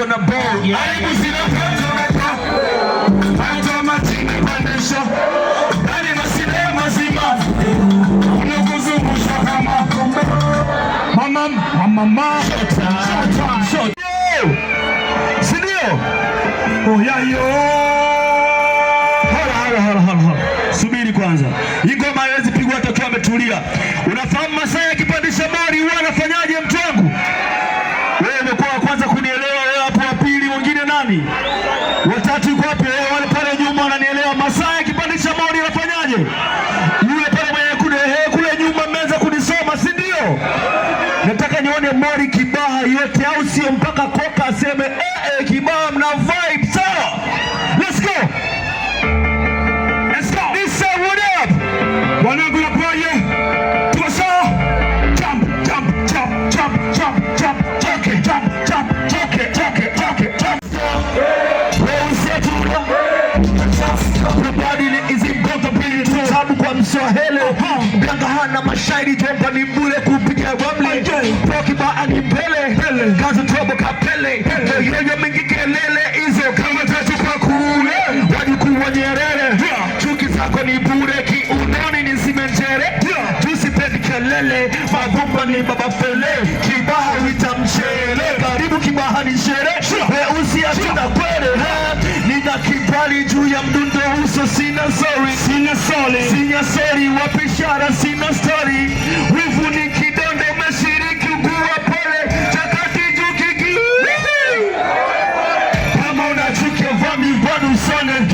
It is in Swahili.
uko na ball. Aibu zinapata na sinema subiri kwanza, hii ngoma haiwezi pigwa hata ukiwa ametulia. Unafahamu masaa yakipandisha mari huwa anafanyaje mtu gani? Watatu yuko wapi? Eh, wale pale nyuma wananielewa. Masaa ya maoni anafanyaje? Yule pale mwenye hey, eh, kule nyuma mmeweza kunisoma, si ndio? Nataka nione Mori Kibaha yote, au sio? Mpaka Koka aseme eh, eh, Kibaha mna vibe Sababu kwa Mswahili mganga uh-huh. hana mashairi, jomba ni bure kupiga ramli, pokiba anipele kazi tobo kapele yoyo mingi kelele izo kama tatu kwa kule wajukuu wa Nyerere, chuki zako ni bure, kiunoni ni simenjere, tusipendi kelele, magumba ni baba fele, Kibaha wita mchele, karibu Kibaha ni shere mateso sina zori, sina soli, sina sori, wapishara sina stori, wivuni kidonde umeshiriki kuwa pole, chakati juu kiki, kama unachukia vami vanu usone